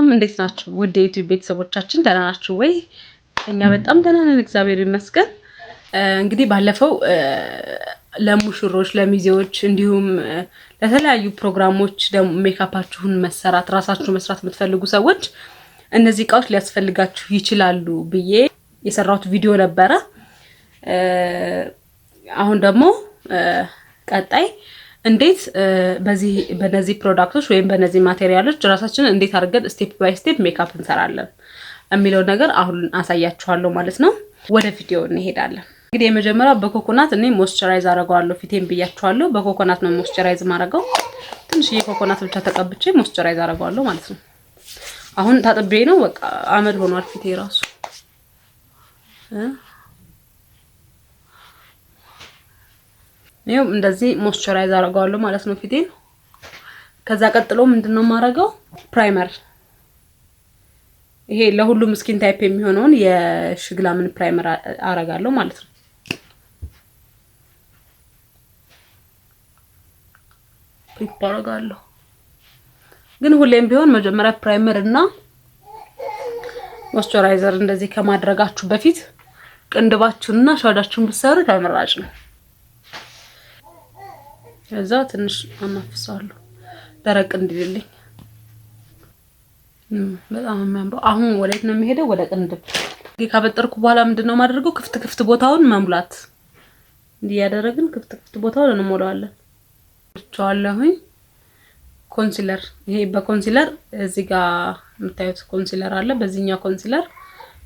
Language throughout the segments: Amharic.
ሰላም እንዴት ናችሁ? ውድ የዩቲዩብ ቤተሰቦቻችን ደህና ናችሁ ወይ? እኛ በጣም ደህና ነን፣ እግዚአብሔር ይመስገን። እንግዲህ ባለፈው ለሙሽሮች፣ ለሚዜዎች እንዲሁም ለተለያዩ ፕሮግራሞች ደግሞ ሜካፓችሁን መሰራት ራሳችሁ መስራት የምትፈልጉ ሰዎች እነዚህ እቃዎች ሊያስፈልጋችሁ ይችላሉ ብዬ የሰራሁት ቪዲዮ ነበረ። አሁን ደግሞ ቀጣይ እንዴት በዚህ በነዚህ ፕሮዳክቶች ወይም በነዚህ ማቴሪያሎች ራሳችን እንዴት አድርገን ስቴፕ ባይ ስቴፕ ሜካፕ እንሰራለን የሚለው ነገር አሁን አሳያችኋለሁ ማለት ነው። ወደ ቪዲዮ እንሄዳለን። እንግዲህ የመጀመሪያው በኮኮናት እኔ ሞስቸራይዝ አደርገዋለሁ ፊቴን ብያችኋለሁ። በኮኮናት ነው ሞስቸራይዝ ማድረገው። ትንሽዬ ኮኮናት ብቻ ተቀብቼ ሞስቸራይዝ አደርገዋለሁ ማለት ነው። አሁን ታጥቤ ነው በቃ አመድ ሆኗል ፊቴ ራሱ ይኸው እንደዚህ ሞስቸራይዝ አድርገዋለሁ ማለት ነው ፊቴን። ከዛ ቀጥሎ ምንድን ነው የማደርገው ፕራይመር ይሄ ለሁሉም ስኪን ታይፕ የሚሆነውን የሽግላምን ፕራይመር አረጋለሁ ማለት ነው። ፕሪፕ አረጋለሁ። ግን ሁሌም ቢሆን መጀመሪያ ፕራይመር እና ሞስቸራይዘር እንደዚህ ከማድረጋችሁ በፊት ቅንድባችሁንና ሻዳችሁን ብትሰሩ ተመራጭ ነው። ከዛ ትንሽ አናፍሰዋለሁ ደረቅ እንዲልልኝ። በጣም የሚያምረው አሁን ወዴት ነው የሚሄደው? ወደ ቅንድብ ካበጠርኩ በኋላ ምንድን ነው የማደርገው? ክፍት ክፍት ቦታውን መሙላት እንዲያደረግን ክፍት ክፍት ቦታውን እንሞላዋለን። ቸዋለሁኝ ኮንሲለር፣ ይሄ በኮንሲለር እዚህ ጋር የምታዩት ኮንሲለር አለ። በዚህኛው ኮንሲለር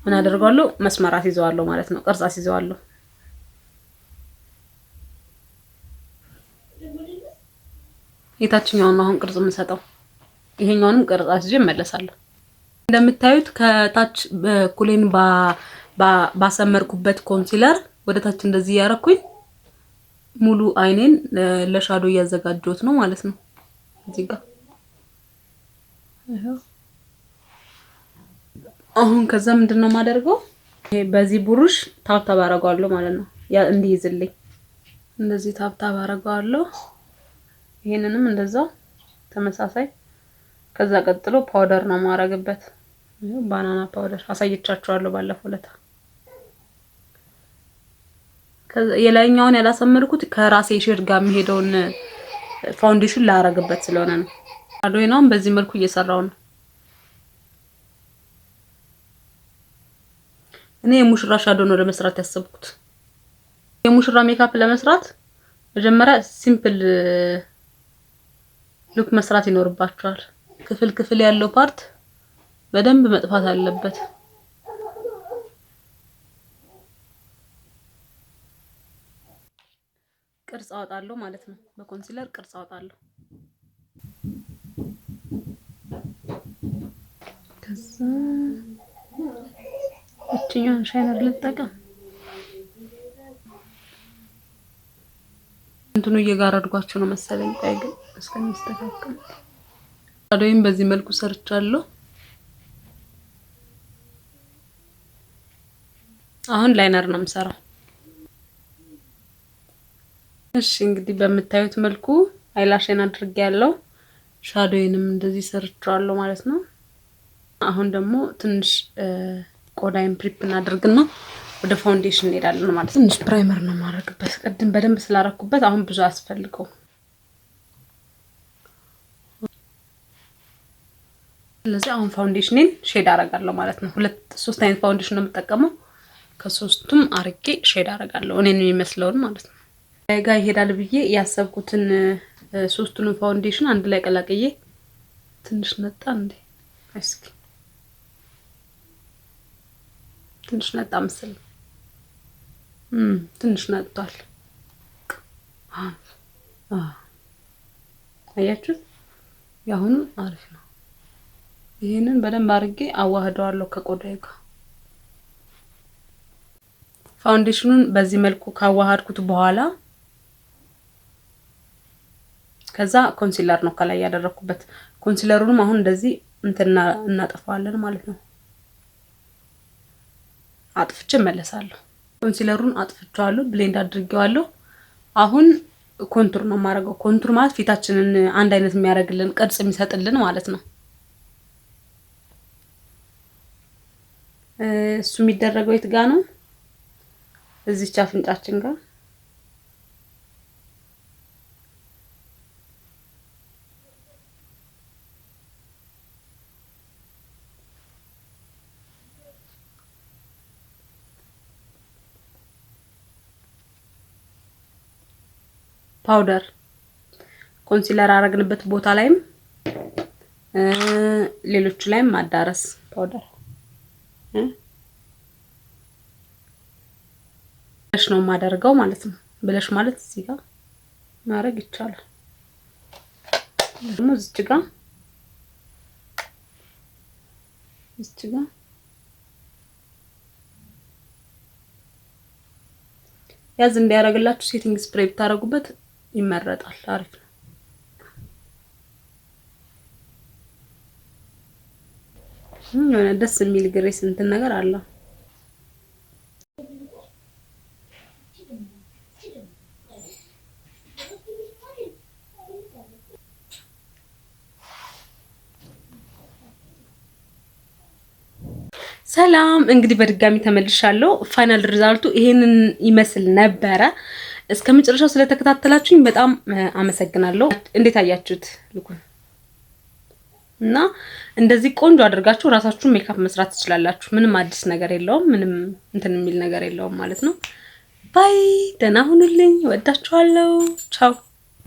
ምን አደርጋለሁ? መስመራት ይዘዋለሁ ማለት ነው፣ ቅርጻ ይዘዋለሁ። የታችኛውን አሁን ቅርጽ ምንሰጠው ይሄኛውንም ቅርጽ አስይዤ እመለሳለሁ። እንደምታዩት ከታች ኩሌን ባሰመርኩበት ኮንሲለር ወደ ታች እንደዚህ እያረኩኝ ሙሉ አይኔን ለሻዶ እያዘጋጀሁት ነው ማለት ነው። እዚህ ጋር አሁን ከዛ ምንድን ነው የማደርገው? በዚህ ቡሩሽ ታብታብ አደርገዋለሁ ማለት ነው። ያ እንዲይዝልኝ እንደዚህ ታብታብ አደርገዋለሁ። ይሄንንም እንደዛው ተመሳሳይ። ከዛ ቀጥሎ ፓውደር ነው ማረግበት። ባናና ፓውደር አሳይቻችኋለሁ ባለፈው ለታ። የላይኛውን ያላሰመርኩት ከራሴ ሼድ ጋር የሚሄደውን ፋውንዴሽን ላረግበት ስለሆነ ነው። አዶናውን በዚህ መልኩ እየሰራው ነው። እኔ የሙሽራ ሻዶ ነው ለመስራት ያሰብኩት። የሙሽራ ሜካፕ ለመስራት መጀመሪያ ሲምፕል ሉክ መስራት ይኖርባቸዋል። ክፍል ክፍል ያለው ፓርት በደንብ መጥፋት አለበት። ቅርጽ አወጣለሁ ማለት ነው። በኮንሲለር ቅርጽ አወጣለሁ። ከዛ እችኛውን ሻይነር ልጠቀም። እንትኑ እየጋር አድጓቸው ነው መሰለኝ። ቆይ ግን እስከሚስተካከል አዶይም በዚህ መልኩ ሰርቻለሁ። አሁን ላይነር ነው የምሰራው። እሺ እንግዲህ በምታዩት መልኩ አይላሽን አድርጌ ያለው ሻዶይንም እንደዚህ ሰርቻለሁ ማለት ነው። አሁን ደግሞ ትንሽ ቆዳይን ፕሪፕ እናደርግና ወደ ፋውንዴሽን እንሄዳለን ማለት ነው። ትንሽ ፕራይመር ነው የማደርግበት። ቅድም በደንብ ስላረኩበት አሁን ብዙ አያስፈልገው ስለዚህ አሁን ፋውንዴሽንን ሼድ አረጋለሁ ማለት ነው። ሁለት ሶስት አይነት ፋውንዴሽን ነው የምጠቀመው። ከሶስቱም አርጌ ሼድ አረጋለሁ እኔን የሚመስለውን ማለት ነው። ጋ ይሄዳል ብዬ ያሰብኩትን ሶስቱንም ፋውንዴሽን አንድ ላይ ቀላቅዬ ትንሽ ነጣ እንዴ እስኪ ትንሽ ነጣ ምስል ትንሽ ነጥቷል። አያችሁት? የአሁኑ አሪፍ ነው። ይህንን በደንብ አድርጌ አዋህደዋለሁ ከቆዳዬ ጋር። ፋውንዴሽኑን በዚህ መልኩ ካዋሃድኩት በኋላ ከዛ ኮንሲለር ነው ከላይ ያደረኩበት። ኮንሲለሩንም አሁን እንደዚህ እንትና እናጠፋዋለን ማለት ነው። አጥፍቼ እመለሳለሁ። ኮንሲለሩን አጥፍቼዋለሁ፣ ብሌንድ አድርጌዋለሁ። አሁን ኮንቱር ነው የማደርገው። ኮንቱር ማለት ፊታችንን አንድ አይነት የሚያደርግልን ቅርጽ የሚሰጥልን ማለት ነው። እሱ የሚደረገው የት ጋ ነው? እዚች አፍንጫችን ጋር ፓውደር ኮንሲለር አረግንበት ቦታ ላይም ሌሎቹ ላይም ማዳረስ ፓውደር ብለሽ ነው የማደርገው ማለት ነው። ብለሽ ማለት እዚህ ጋር ማድረግ ይቻላል። ደግሞ እዚች ጋር እዚች ጋር ያዝ እንዲያደርግላችሁ ሴቲንግ ስፕሬይ ብታደርጉበት ይመረጣል። አሪፍ ነው። የሆነ ደስ የሚል ግሬስ እንትን ነገር አለው። ሰላም እንግዲህ በድጋሚ ተመልሻለሁ። ፋይናል ሪዛልቱ ይሄንን ይመስል ነበረ። እስከ መጨረሻው ስለተከታተላችሁኝ በጣም አመሰግናለሁ። እንዴት አያችሁት ልኩን እና እንደዚህ ቆንጆ አድርጋችሁ ራሳችሁን ሜካፕ መስራት ትችላላችሁ። ምንም አዲስ ነገር የለውም። ምንም እንትን የሚል ነገር የለውም ማለት ነው። ባይ፣ ደህና ሁኑልኝ። ወዳችኋለሁ። ቻው